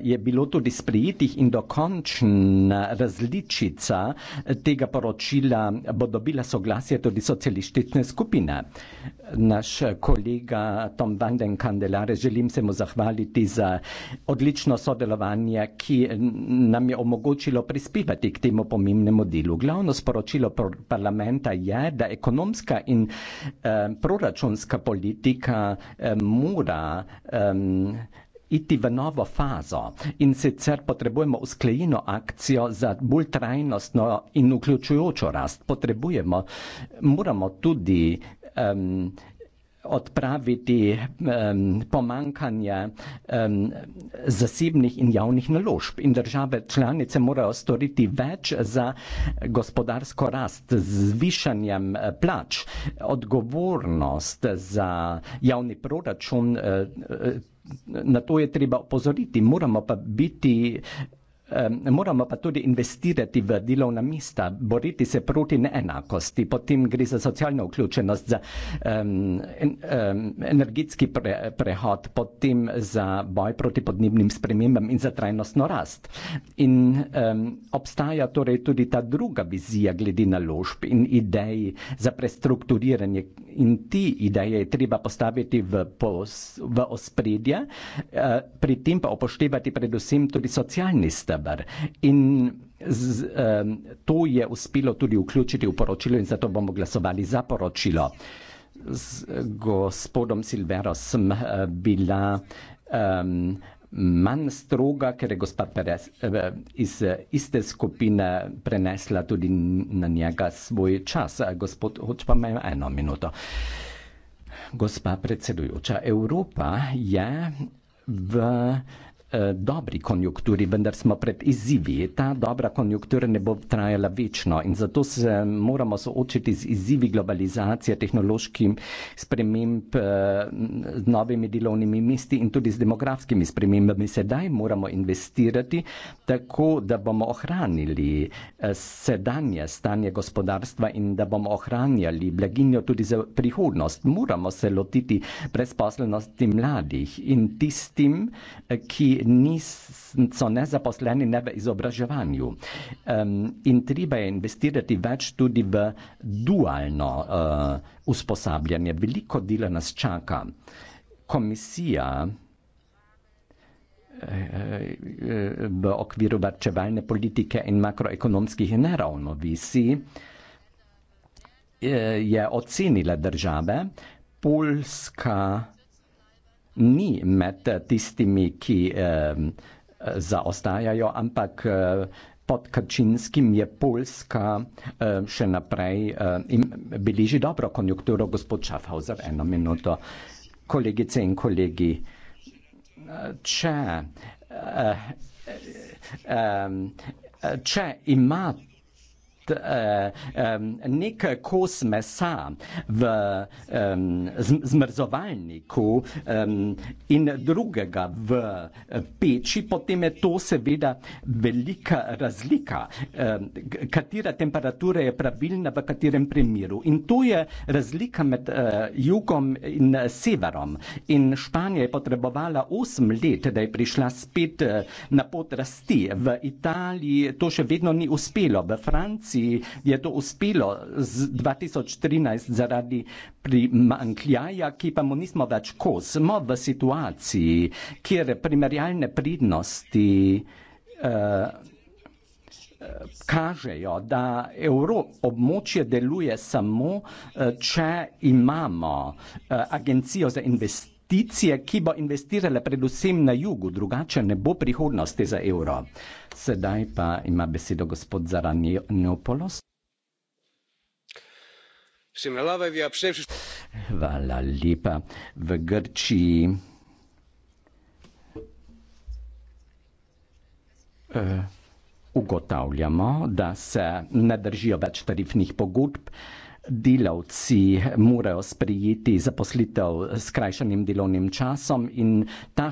je bilo tudi sprejetih in dokončna različica tega poročila bo dobila soglasje tudi socialistične skupine. Naš kolega Tom Vanden Kandelare, želim se mu zahvaliti za odlično sodelovanje, ki nam je omogočilo prispevati k temu pomembnemu podnebnemu delu. Glavno sporočilo pr parlamenta je, da ekonomska in eh, proračunska politika eh, mora eh, iti v novo fazo in sicer potrebujemo usklejeno akcijo za bolj trajnostno in vključujočo rast. Potrebujemo, moramo tudi um, odpraviti um, pomankanje um, zasebnih in javnih naložb. In države članice morajo storiti več za gospodarsko rast z višanjem eh, plač. Odgovornost za javni proračun. Uh, Na to je treba opozoriti, moramo pa biti Um, moramo pa tudi investirati v delovna mesta, boriti se proti neenakosti, potem gre za socialno vključenost, za um, en, um, energetski pre, prehod, potem za boj proti podnebnim spremembam in za trajnostno rast. In um, obstaja torej tudi ta druga vizija glede naložb in idej za prestrukturiranje in ti ideje je treba postaviti v, pos, v ospredje, uh, pri tem pa upoštevati predvsem tudi socialni stav dober. In z, um, to je uspelo tudi vključiti v poročilo in zato bomo glasovali za poročilo. Z gospodom Silvero sem uh, bila um, manj stroga, ker je gospod Perez uh, iz uh, iste skupine prenesla tudi na njega svoj čas. Uh, gospod, hoč pa me eno minuto. Gospa predsedujoča, Evropa je v. Eh, dobri konjunkturi, vendar smo pred izzivi. Ta dobra konjunktura ne bo trajala večno in zato se moramo soočiti z izzivi globalizacije, tehnološkim sprememb, eh, novimi delovnimi mesti in tudi z demografskimi spremembami. Sedaj moramo investirati tako, da bomo ohranili eh, sedanje stanje gospodarstva in da bomo ohranjali blaginjo tudi za prihodnost. Moramo se lotiti brezposelnosti mladih in tistim, ki niso nezaposleni, ne v izobraževanju. Um, in treba je investirati več tudi v dualno uh, usposabljanje. Veliko dela nas čaka. Komisija eh, eh, v okviru varčevalne politike in makroekonomskih neravnovisi je ocenila države, Poljska, ni med tistimi, ki eh, zaostajajo, ampak eh, pod Kačinskim je Poljska eh, še naprej eh, in beleži dobro konjunkturo, gospod Čafhauser, eno minuto. Kolegice in kolegi, če, eh, eh, eh, če imate Eh, nek kos mesa v zmrzovalniku in drugega v eh, peči, potem je to seveda velika razlika, katera temperatura je pravilna v katerem primeru. In to je razlika med eh, jugom in severom. In Španija je potrebovala 8 let, da je prišla spet na pot rasti. V Italiji to še vedno ni uspelo. V Franciji Rusiji je to uspelo z 2013 zaradi primankljaja, ki pa mu nismo več kos. Smo v situaciji, kjer primerjalne pridnosti eh, kažejo, da evro območje deluje samo, eh, če imamo eh, agencijo za investicije investicije, ki bo investirala predvsem na jugu, drugače ne bo prihodnosti za evro. Sedaj pa ima besedo gospod Zaran Neopolos. Hvala lepa. V Grčiji. Uh. Ugotavljamo, da se ne držijo več tarifnih pogodb. Uh, delavci morajo sprijeti zaposlitev s krajšanim delovnim časom in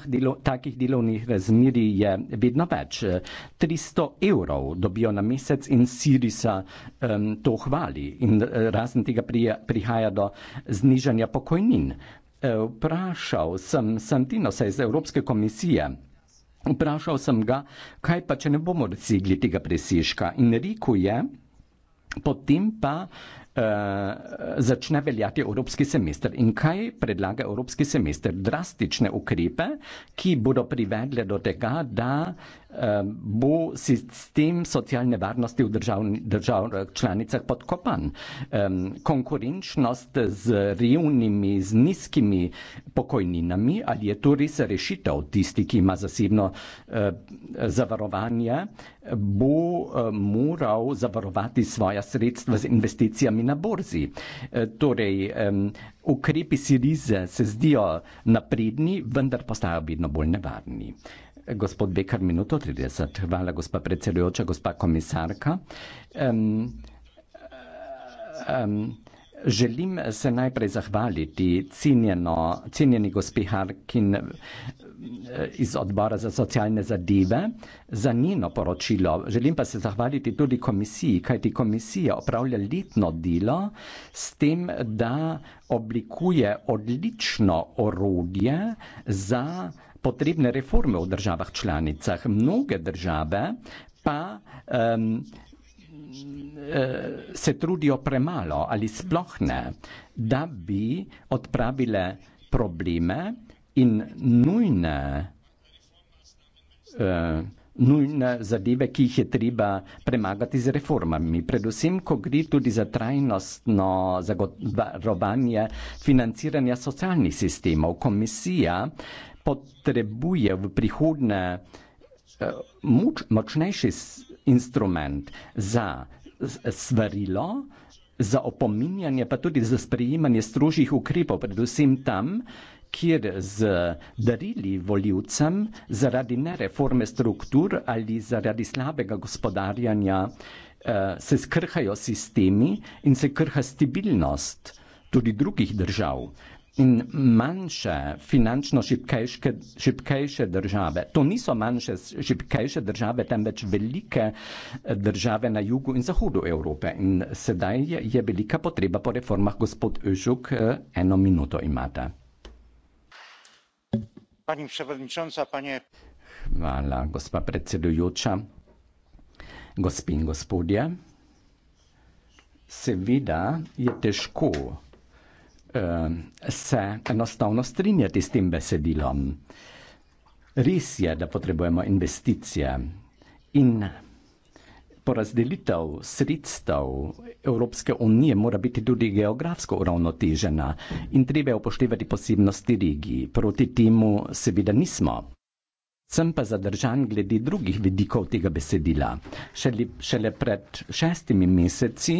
delo, takih delovnih razmeri je vedno več. 300 evrov dobijo na mesec in Sirisa um, to hvali in eh, razen tega prija, prihaja do znižanja pokojnin. Eh, vprašal sem Santino se iz Evropske komisije. Vprašal sem ga, kaj pa, če ne bomo recigli tega presežka. In rekel je, potem pa Eh, začne veljati evropski semester. In kaj predlaga evropski semester? Drastične ukrepe, ki bodo privedle do tega, da eh, bo sistem socialne varnosti v držav, držav članicah podkopan. Konkurenčnost z revnimi, z nizkimi pokojninami, ali je to res rešitev tisti, ki ima zasebno eh, zavarovanje, bo moral zavarovati svoja sredstva z investicijami na borzi. E, torej, ukrepi Sirize se zdijo napredni, vendar postajajo vedno bolj nevarni. Gospod Bekar, minuto 30. Hvala, gospa predsedujoča, gospa komisarka. Um, um, Želim se najprej zahvaliti cinjeno, cinjeni gospi Harkin eh, iz odbora za socialne zadeve za njeno poročilo. Želim pa se zahvaliti tudi komisiji, kajti komisija opravlja letno delo s tem, da oblikuje odlično orodje za potrebne reforme v državah članicah. Mnoge države pa. Um, Eh, se trudijo premalo ali sploh ne, da bi odpravile probleme in nujne, uh, nujne zadeve, ki jih je treba premagati z reformami. Predvsem, ko gre tudi za trajnostno zagotovanje financiranja socialnih sistemov. Komisija potrebuje v prihodne uh, eh, moč, močnejši sistem, instrument za svarilo, za opominjanje, pa tudi za sprejemanje strožjih ukrepov, predvsem tam, kjer z darili voljivcem zaradi nereforme struktur ali zaradi slabega gospodarjanja eh, se skrhajo sistemi in se krha stabilnost tudi drugih držav in manjše finančno šipkejške, šipkejše države. To niso manjše šipkejše države, temveč velike eh, države na jugu in zahodu Evrope. In sedaj je, je velika potreba po reformah. Gospod Ožuk, eh, eno minuto imate. Pani predsednica, panje. Hvala, gospa predsedujoča, gospin gospodje. Seveda je težko Eh, se enostavno strinjati s tem besedilom. Res je, da potrebujemo investicije in porazdelitev sredstev Evropske unije mora biti tudi geografsko uravnotežena in treba je upoštevati posebnosti regiji. Proti temu seveda nismo. Sem pa zadržan glede drugih vidikov tega besedila. Šele, šele pred šestimi meseci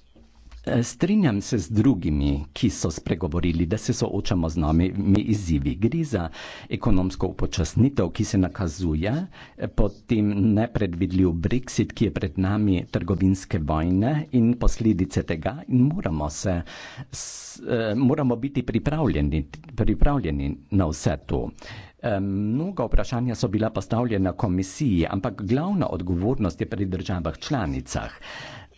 E, strinjam se z drugimi, ki so spregovorili, da se soočamo z novimi izzivi. Gre za ekonomsko upočasnitev, ki se nakazuje e, potem nepredvidljiv Brexit, ki je pred nami trgovinske vojne in posledice tega in moramo, se, e, moramo biti pripravljeni, pripravljeni na vse to. Mnoga vprašanja so bila postavljena komisiji, ampak glavna odgovornost je pri državah članicah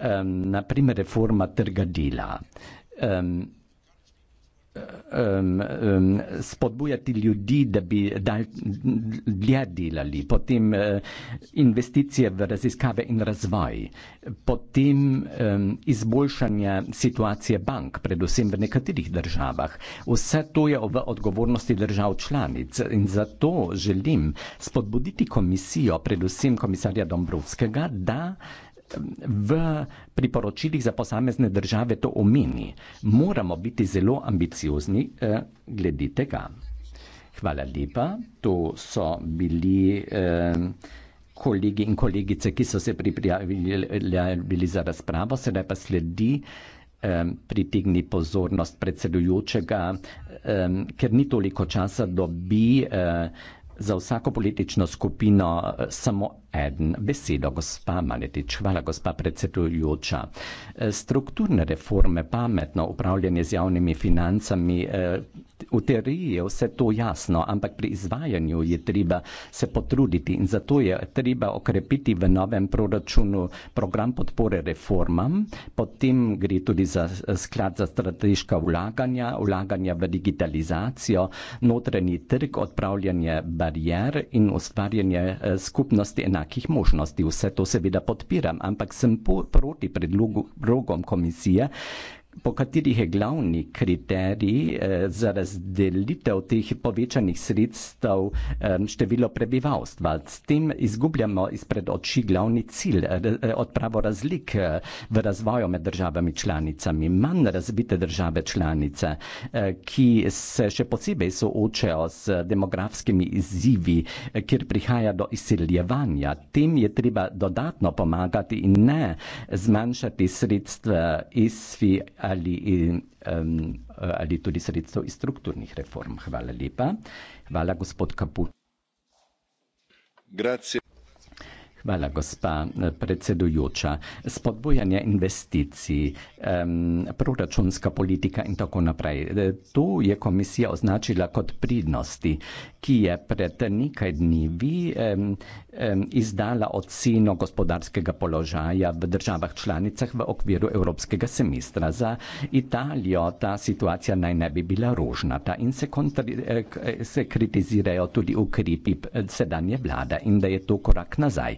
um, na primer reforma trga dela. Um, Um, um, spodbujati ljudi, da bi dlje delali, potem uh, investicije v raziskave in razvoj, potem um, izboljšanje situacije bank, predvsem v nekaterih državah. Vse to je v odgovornosti držav članic in zato želim spodbuditi komisijo, predvsem komisarja Dombrovskega, da v priporočilih za posamezne države to omeni. Moramo biti zelo ambiciozni eh, glede tega. Hvala lepa. To so bili eh, kolegi in kolegice, ki so se pripravili za razpravo. Sedaj pa sledi eh, pritegni pozornost predsedujočega, eh, ker ni toliko časa dobi. Eh, Za vsako politično skupino eh, samo eden. Besedo gospa Maletič. Hvala gospa predsedujoča. E, strukturne reforme, pametno upravljanje z javnimi financami, e, v teoriji je vse to jasno, ampak pri izvajanju je treba se potruditi in zato je treba okrepiti v novem proračunu program podpore reformam, potem gre tudi za e, sklad za strateška vlaganja, vlaganja v digitalizacijo, notranji trg, odpravljanje barijer in ustvarjanje skupnosti enakosti enakih možnosti. Vse to seveda podpiram, ampak sem po, proti predlogom komisije, po katerih je glavni kriterij eh, za razdelitev teh povečanih sredstev eh, število prebivalstva. S tem izgubljamo izpred oči glavni cilj, eh, odpravo razlik v razvoju med državami članicami. Manj razvite države članice, ki se še posebej soočajo z demografskimi izzivi, kjer prihaja do izseljevanja, tem je treba dodatno pomagati in ne zmanjšati sredstva ISFI ali, um, ali tudi sredstev iz strukturnih reform. Hvala lepa. Hvala, gospod Kaput. Grazie. Hvala, gospa eh, predsedujoča. Spodbujanje investicij, um, proračunska politika in tako naprej. Eh, to je komisija označila kot pridnosti, ki je pred nekaj dnevi um, um, izdala oceno gospodarskega položaja v državah članicah v okviru evropskega semestra. Za Italijo ta situacija naj ne bi bila rožnata in se, kontri, eh, se kritizirajo tudi ukrepi sedanje vlade in da je to korak nazaj.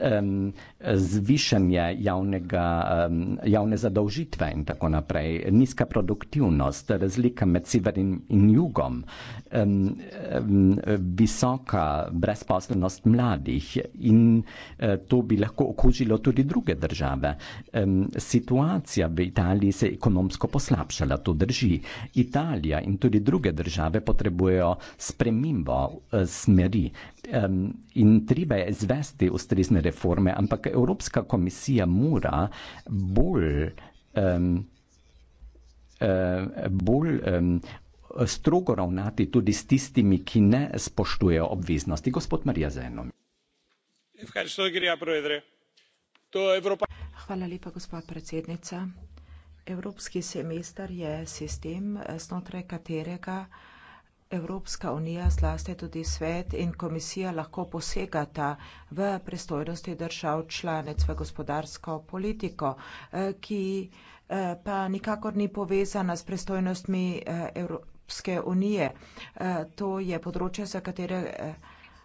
um, zvišanje javnega, um, javne zadolžitve in tako naprej, nizka produktivnost, razlika med severnim in jugom, um, um, visoka brezposobnost mladih in uh, to bi lahko okužilo tudi druge države. Um, situacija v Italiji se je ekonomsko poslabšala, to drži. Italija in tudi druge države potrebujejo spremembo uh, smeri um, in treba je izvesti ustrezne reforme, ampak Evropska komisija mora bolj, um, uh, bolj um, strogo ravnati tudi s tistimi, ki ne spoštujejo obveznosti. Gospod Marija Zeno. Hvala lepa, gospod predsednica. Evropski semester je sistem, znotraj katerega Evropska unija, zlasti tudi svet in komisija lahko posegata v pristojnosti držav članec v gospodarsko politiko, eh, ki eh, pa nikakor ni povezana s pristojnostmi eh, Evropske unije. To je področje, za katere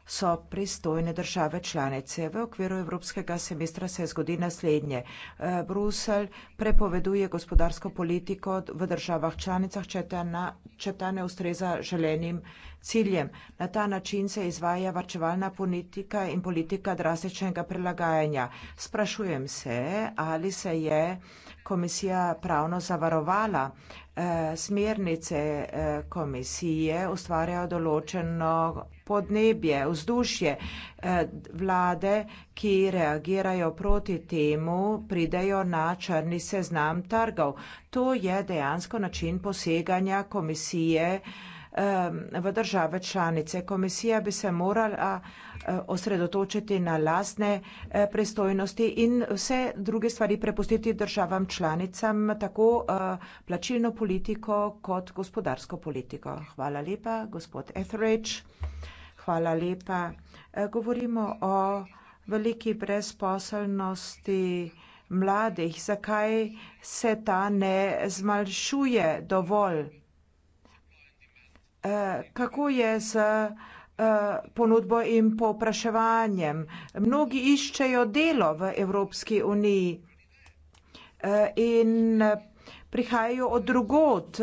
so pristojne države članice. V okviru evropskega semestra se zgodi naslednje. Eh, Brusel prepoveduje gospodarsko politiko v državah članicah, če ta, na, če ta ne ustreza želenim ciljem. Na ta način se izvaja varčevalna politika in politika drastičnega prilagajanja. Sprašujem se, ali se je komisija pravno zavarovala. Eh, smernice eh, komisije ustvarjajo določeno podnebje, vzdušje, eh, vlade, ki reagirajo proti temu, pridejo na črni seznam trgov. To je dejansko način poseganja komisije v države članice. Komisija bi se morala eh, osredotočiti na lastne eh, pristojnosti in vse druge stvari prepustiti državam članicam, tako plačilno politiko kot gospodarsko politiko. Hvala lepa, gospod Etheridge. Hvala lepa. Eh, govorimo o veliki brezposelnosti mladih. Zakaj se ta ne zmanjšuje dovolj? Eh, kako je s eh, ponudbo in povpraševanjem? Mnogi iščejo delo v Evropski uniji in prihajajo od drugod.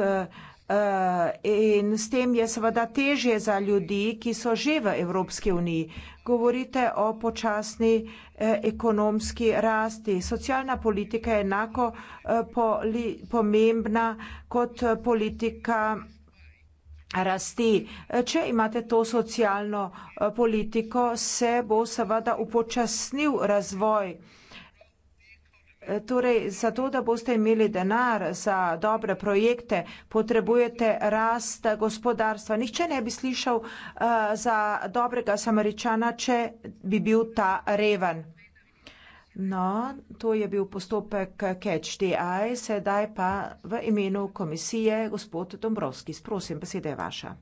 Eh, in s tem je seveda težje za ljudi, ki so že v Evropski uniji. Govorite o počasni eh, ekonomski rasti. Socialna politika je enako eh, pomembna kot politika rasti. Če imate to socialno politiko, se bo seveda upočasnil razvoj. Torej, za to, da boste imeli denar za dobre projekte, potrebujete rast gospodarstva. Nihče ne bi slišal uh, za dobrega samaričana, če bi bil ta reven. No, to je bil postopek CatchDI, sedaj pa v imenu komisije gospod Dombrovski. Sprosim, beseda je vaša.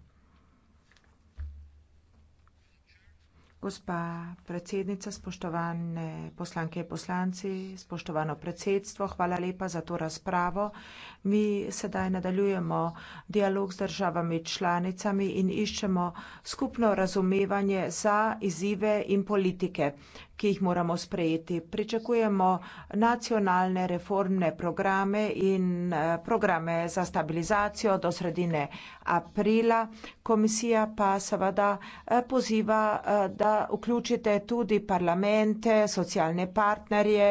Gospa predsednica, spoštovane poslanke in poslanci, spoštovano predsedstvo, hvala lepa za to razpravo. Mi sedaj nadaljujemo dialog z državami članicami in iščemo skupno razumevanje za izzive in politike, ki jih moramo sprejeti. Pričakujemo nacionalne reformne programe in eh, programe za stabilizacijo do sredine aprila. Komisija pa seveda eh, poziva, eh, da vključite tudi parlamente, socialne partnerje,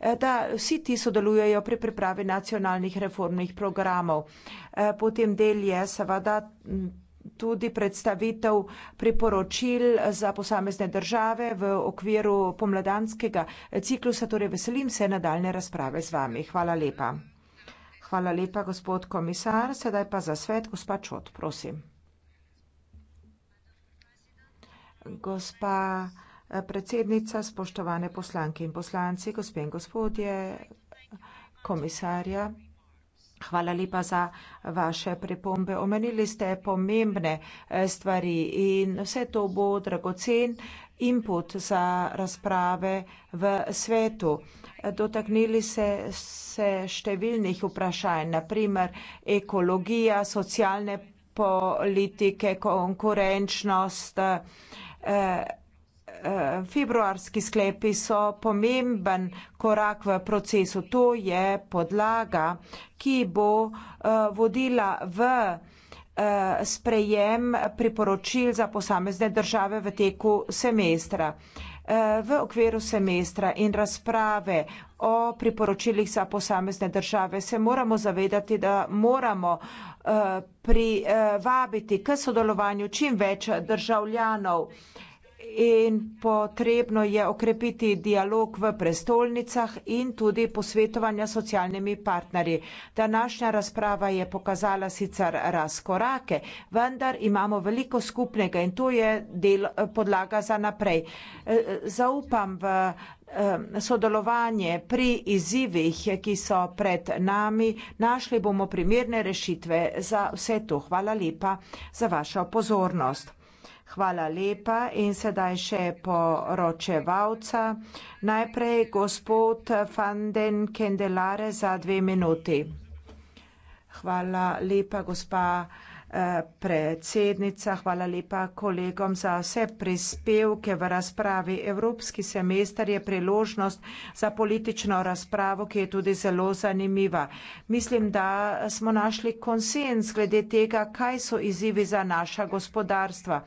Eh, da vsi ti sodelujejo pri pripravi nacionalnih reformnih programov. Eh, potem del je seveda tudi predstavitev priporočil za posamezne države v okviru pomladanskega eh, ciklusa, torej veselim se nadaljne razprave z vami. Hvala lepa. Hvala lepa, gospod komisar. Sedaj pa za svet, gospa Čot, prosim. Gospa predsednica, spoštovane poslanke in poslanci, gospe in gospodje, komisarja. Hvala lepa za vaše pripombe. Omenili ste pomembne eh, stvari in vse to bo dragocen input za razprave v svetu. Dotaknili se, se številnih vprašanj, naprimer ekologija, socialne politike, konkurenčnost. Eh, Eh, februarski sklepi so pomemben korak v procesu. To je podlaga, ki bo eh, vodila v eh, sprejem priporočil za posamezne države v teku semestra. V okviru semestra in razprave o priporočilih za posamezne države se moramo zavedati, da moramo privabiti k sodelovanju čim več državljanov in potrebno je okrepiti dialog v prestolnicah in tudi posvetovanja s socialnimi partnerji. Današnja razprava je pokazala sicer razkorake, vendar imamo veliko skupnega in to je del eh, podlaga za naprej. Eh, zaupam v eh, sodelovanje pri izzivih, ki so pred nami, našli bomo primerne rešitve za vse to. Hvala lepa za vašo pozornost. Hvala lepa in sedaj še poročevalca. Najprej gospod Fanden Kendelare za dve minuti. Hvala lepa, gospa predsednica, hvala lepa kolegom za vse prispevke v razpravi. Evropski semester je priložnost za politično razpravo, ki je tudi zelo zanimiva. Mislim, da smo našli konsens glede tega, kaj so izzivi za naša gospodarstva.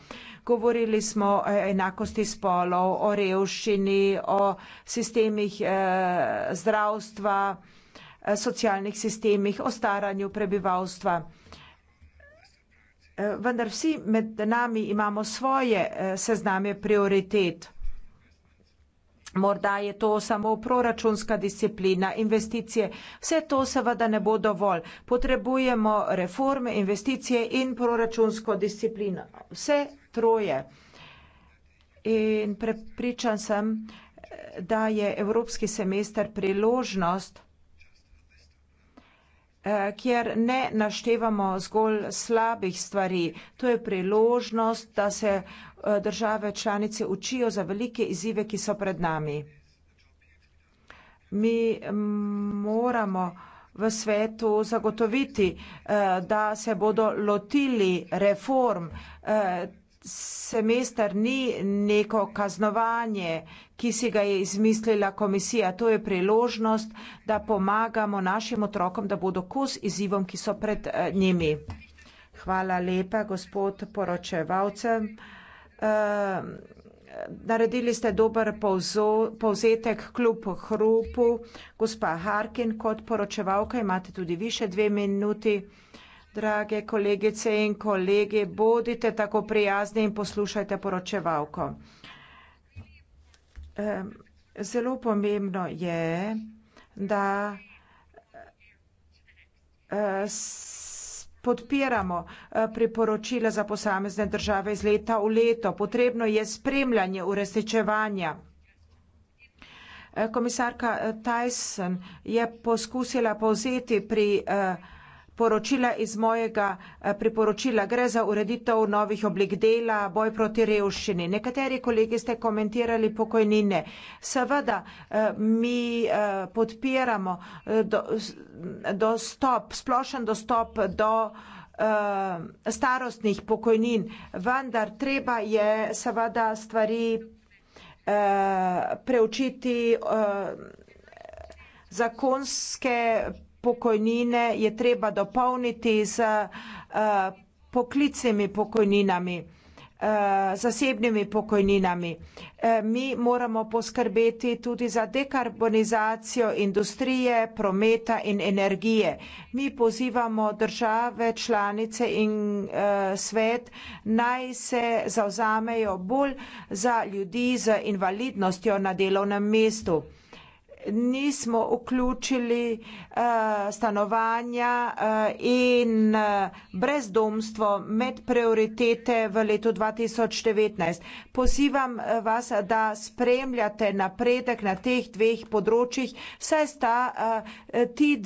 Govorili smo o enakosti spolov, o revščini, o sistemih eh, zdravstva, eh, socialnih sistemih, o staranju prebivalstva vendar vsi med nami imamo svoje eh, sezname prioritet. Morda je to samo proračunska disciplina, investicije. Vse to seveda ne bo dovolj. Potrebujemo reforme, investicije in proračunsko disciplino. Vse troje. In prepričan sem, eh, da je evropski semester priložnost, Eh, kjer ne naštevamo zgolj slabih stvari. To je priložnost, da se eh, države članice učijo za velike izzive, ki so pred nami. Mi mm, moramo v svetu zagotoviti, eh, da se bodo lotili reform semester ni neko kaznovanje, ki si ga je izmislila komisija. To je priložnost, da pomagamo našim otrokom, da bodo kos izzivom, ki so pred eh, njimi. Hvala lepa, gospod poročevalcem. Uh, naredili ste dober povzo, povzetek kljub hrupu. Gospa Harkin, kot poročevalka, imate tudi više dve minuti. Uh, Drage kolegice in kolegi, bodite tako prijazni in poslušajte poročevalko. Zelo pomembno je, da eh, podpiramo eh, priporočila za posamezne države iz leta v leto. Potrebno je spremljanje uresničevanja. Eh, komisarka Tyson je poskusila povzeti pri priporočilu, poročila iz mojega eh, priporočila. Gre za ureditev novih oblik dela, boj proti revščini. Nekateri kolegi ste komentirali pokojnine. Seveda eh, mi eh, podpiramo dostop, splošen dostop do starostnih pokojnin, vendar treba je seveda stvari preučiti zakonske pokojnine, pokojnine je treba dopolniti z eh, poklicnimi pokojninami, eh, zasebnimi pokojninami. Eh, mi moramo poskrbeti tudi za dekarbonizacijo industrije, prometa in energije. Mi pozivamo države, članice in svet, naj se zavzamejo bolj za ljudi z invalidnostjo na delovnem mestu nismo vključili uh, stanovanja uh, in uh, brezdomstvo med prioritete v letu 2019. Pozivam vas, da spremljate napredek na teh dveh področjih, saj sta uh, ti dve.